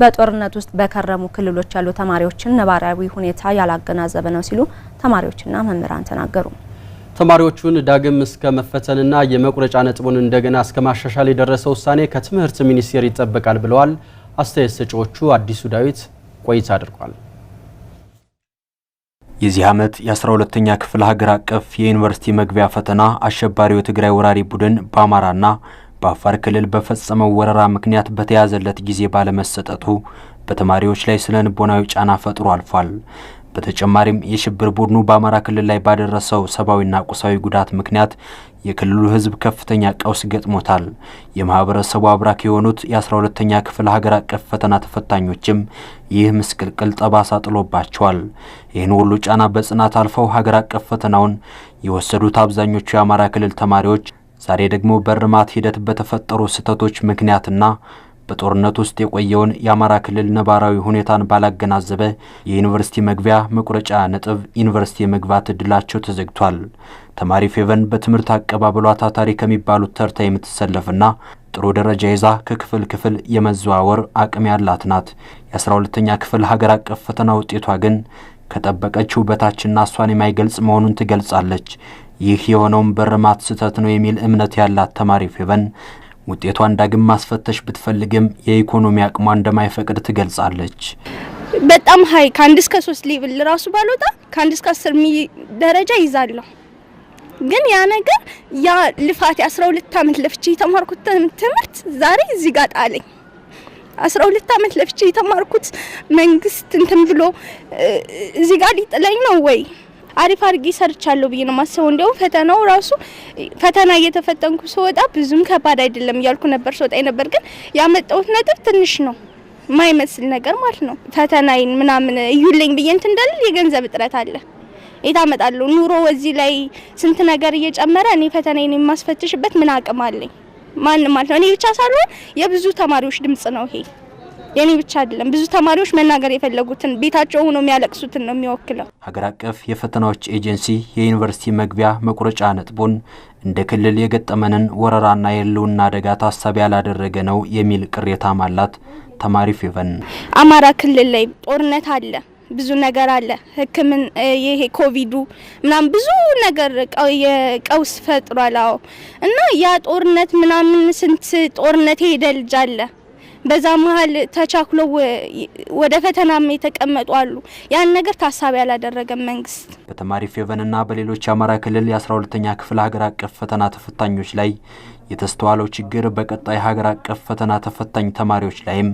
በጦርነት ውስጥ በከረሙ ክልሎች ያሉ ተማሪዎችን ነባራዊ ሁኔታ ያላገናዘበ ነው ሲሉ ተማሪዎችና መምህራን ተናገሩ። ተማሪዎቹን ዳግም እስከ መፈተንና የመቁረጫ ነጥቡን እንደገና እስከ ማሻሻል የደረሰ ውሳኔ ከትምህርት ሚኒስቴር ይጠበቃል ብለዋል። አስተያየት ሰጪዎቹ አዲሱ ዳዊት ቆይታ አድርጓል። የዚህ ዓመት የ12ተኛ ክፍል ሀገር አቀፍ የዩኒቨርሲቲ መግቢያ ፈተና አሸባሪው የትግራይ ወራሪ ቡድን በአማራና በአፋር ክልል በፈጸመው ወረራ ምክንያት በተያዘለት ጊዜ ባለመሰጠቱ በተማሪዎች ላይ ስነ ልቦናዊ ጫና ፈጥሮ አልፏል። በተጨማሪም የሽብር ቡድኑ በአማራ ክልል ላይ ባደረሰው ሰብአዊና ቁሳዊ ጉዳት ምክንያት የክልሉ ሕዝብ ከፍተኛ ቀውስ ገጥሞታል። የማህበረሰቡ አብራክ የሆኑት የ12ተኛ ክፍል ሀገር አቀፍ ፈተና ተፈታኞችም ይህ ምስቅልቅል ጠባሳ ጥሎባቸዋል። ይህን ሁሉ ጫና በጽናት አልፈው ሀገር አቀፍ ፈተናውን የወሰዱት አብዛኞቹ የአማራ ክልል ተማሪዎች ዛሬ ደግሞ በእርማት ሂደት በተፈጠሩ ስህተቶች ምክንያትና በጦርነት ውስጥ የቆየውን የአማራ ክልል ነባራዊ ሁኔታን ባላገናዘበ የዩኒቨርሲቲ መግቢያ መቁረጫ ነጥብ ዩኒቨርሲቲ የመግባት እድላቸው ተዘግቷል። ተማሪ ፌቨን በትምህርት አቀባበሏ ታታሪ ከሚባሉት ተርታ የምትሰለፍና ጥሩ ደረጃ ይዛ ከክፍል ክፍል የመዘዋወር አቅም ያላት ናት። የ12ኛ ክፍል ሀገር አቀፍ ፈተና ውጤቷ ግን ከጠበቀችው በታችና እሷን የማይገልጽ መሆኑን ትገልጻለች። ይህ የሆነውም በርማት ስህተት ነው የሚል እምነት ያላት ተማሪ ፌቨን ውጤቷን ዳግም ማስፈተሽ ብትፈልግም የኢኮኖሚ አቅሟ እንደማይፈቅድ ትገልጻለች። በጣም ሀይ ከአንድ እስከ ሶስት ሌብል ራሱ ባልወጣ ከአንድ እስከ አስር ሚ ደረጃ ይዛለሁ። ግን ያ ነገር ያ ልፋት የአስራ ሁለት አመት ለፍቼ የተማርኩት ትምህርት ዛሬ እዚህ ጋር ጣለኝ። አስራ ሁለት አመት ለፍቼ የተማርኩት መንግስት እንትን ብሎ እዚህ ጋር ሊጥለኝ ነው ወይ? አሪፍ አድርጌ ሰርቻለሁ ብዬ ነው ማስበው። እንዲያውም ፈተናው ራሱ ፈተና እየተፈተንኩ ስወጣ ብዙም ከባድ አይደለም እያልኩ ነበር ስወጣ ነበር። ግን ያመጣሁት ነጥብ ትንሽ ነው ማይመስል ነገር ማለት ነው። ፈተናይን ምናምን እዩልኝ ብዬ እንትን እንዳልል የገንዘብ እጥረት አለ የታመጣለሁ ኑሮ እዚህ ላይ ስንት ነገር እየጨመረ እኔ ፈተናዬን የማስፈትሽበት ምን አቅም አለኝ? ማንም ማለት ነው። እኔ ብቻ ሳልሆን የብዙ ተማሪዎች ድምጽ ነው ይሄ። የኔ ብቻ አይደለም። ብዙ ተማሪዎች መናገር የፈለጉትን ቤታቸው ሆኖ የሚያለቅሱትን ነው የሚወክለው። ሀገር አቀፍ የፈተናዎች ኤጀንሲ የዩኒቨርሲቲ መግቢያ መቁረጫ ነጥቡን እንደ ክልል የገጠመንን ወረራና የሕልውና አደጋ ታሳቢ ያላደረገ ነው የሚል ቅሬታ ማላት ተማሪ ፌቨን አማራ ክልል ላይ ጦርነት አለ ብዙ ነገር አለ። ህክምን ይሄ ኮቪዱ ምናምን ብዙ ነገር ቀውስ ፈጥሯል። አዎ እና ያ ጦርነት ምናምን ስንት ጦርነት የሄደ ልጅ አለ በዛ መሀል ተቻኩለው ወደ ፈተናም የተቀመጡ አሉ። ያን ነገር ታሳቢ ያላደረገም መንግስት በተማሪ ፌቨንና በሌሎች የአማራ ክልል የአስራ ሁለተኛ ክፍል ሀገር አቀፍ ፈተና ተፈታኞች ላይ የተስተዋለው ችግር በቀጣይ ሀገር አቀፍ ፈተና ተፈታኝ ተማሪዎች ላይም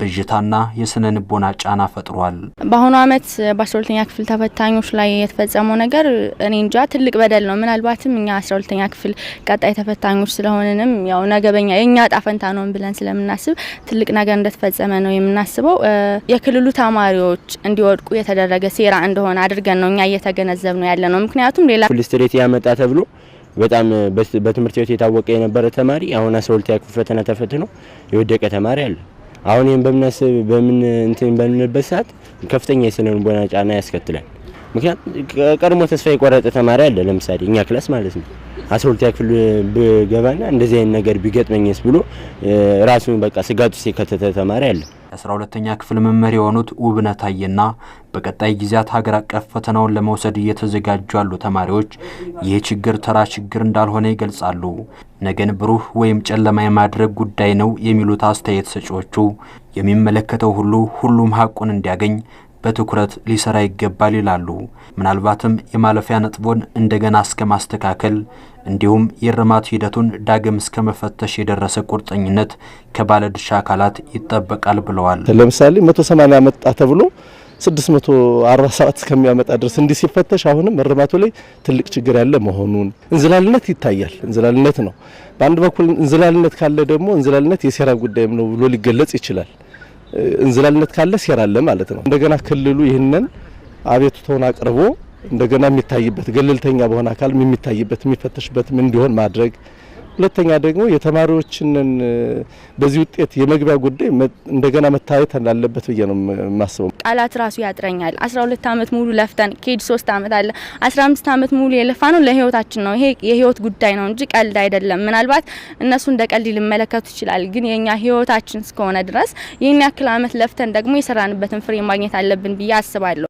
ብዥታና የስነ ንቦና ጫና ፈጥሯል። በአሁኑ ዓመት በአስራ ሁለተኛ ክፍል ተፈታኞች ላይ የተፈጸመው ነገር እኔ እንጃ ትልቅ በደል ነው። ምናልባትም እኛ አስራ ሁለተኛ ክፍል ቀጣይ ተፈታኞች ስለሆንንም ያው ነገበኛ የእኛ ጣፈንታ ነውን ብለን ስለምናስብ ትልቅ ነገር እንደተፈጸመ ነው የምናስበው። የክልሉ ተማሪዎች እንዲወድቁ የተደረገ ሴራ እንደሆነ አድርገን ነው እኛ እየተገነዘብ ነው ያለ ነው። ምክንያቱም ሌላ ፍልስትሬት ያመጣ ተብሎ በጣም በትምህርት ቤት የታወቀ የነበረ ተማሪ አሁን አስራ ሁለተኛ ክፍል ፈተና ተፈትኖ የወደቀ ተማሪ አለ። አሁን ይህም በምናስብ በምን እንትን በምንበት ሰዓት ከፍተኛ የስነ ልቦና ጫና ያስከትላል። ምክንያቱም ቀድሞ ተስፋ የቆረጠ ተማሪ አለ። ለምሳሌ እኛ ክላስ ማለት ነው አስራ ሁለተኛ ክፍል ብገባና እንደዚህ አይነት ነገር ቢገጥመኝስ ብሎ ራሱን በቃ ስጋት ውስጥ የከተተ ተማሪ አለ። የአስራ ሁለተኛ ክፍል መምህር የሆኑት ውብነት አየና በቀጣይ ጊዜያት ሀገር አቀፍ ፈተናውን ለመውሰድ እየተዘጋጁ ያሉ ተማሪዎች ይህ ችግር ተራ ችግር እንዳልሆነ ይገልጻሉ። ነገን ብሩህ ወይም ጨለማ የማድረግ ጉዳይ ነው የሚሉት አስተያየት ሰጪዎቹ የሚመለከተው ሁሉ ሁሉም ሀቁን እንዲያገኝ በትኩረት ሊሰራ ይገባል ይላሉ። ምናልባትም የማለፊያ ነጥቦን እንደገና እስከ ማስተካከል እንዲሁም የእርማት ሂደቱን ዳግም እስከ መፈተሽ የደረሰ ቁርጠኝነት ከባለድርሻ አካላት ይጠበቃል ብለዋል። ለምሳሌ 180 መጣ ተብሎ 647 እስከሚያመጣ ድረስ እንዲህ ሲፈተሽ አሁንም እርማቱ ላይ ትልቅ ችግር ያለ መሆኑን እንዝላልነት ይታያል። እንዝላልነት ነው። በአንድ በኩል እንዝላልነት ካለ ደግሞ እንዝላልነት የሴራ ጉዳይም ነው ብሎ ሊገለጽ ይችላል። እንዝላልነት ካለ ሴራ አለ ማለት ነው። እንደገና ክልሉ ይህንን አቤቱታውን አቅርቦ እንደገና የሚታይበት ገለልተኛ በሆነ አካል የሚታይበት የሚፈተሽበት እንዲሆን ማድረግ ሁለተኛ ደግሞ የተማሪዎችንን በዚህ ውጤት የመግቢያ ጉዳይ እንደገና መታየት እንዳለበት ብዬ ነው የማስበው። ቃላት ራሱ ያጥረኛል። 12 ዓመት ሙሉ ለፍተን ኬጅ 3 ዓመት አለ 15 ዓመት ሙሉ የለፋ ነው ለህይወታችን ነው። ይሄ የህይወት ጉዳይ ነው እንጂ ቀልድ አይደለም። ምናልባት እነሱ እንደ ቀልድ ሊመለከቱ ይችላል፣ ግን የኛ ህይወታችን እስከሆነ ድረስ ይህን ያክል አመት ለፍተን ደግሞ የሰራንበትን ፍሬ ማግኘት አለብን ብዬ አስባለሁ።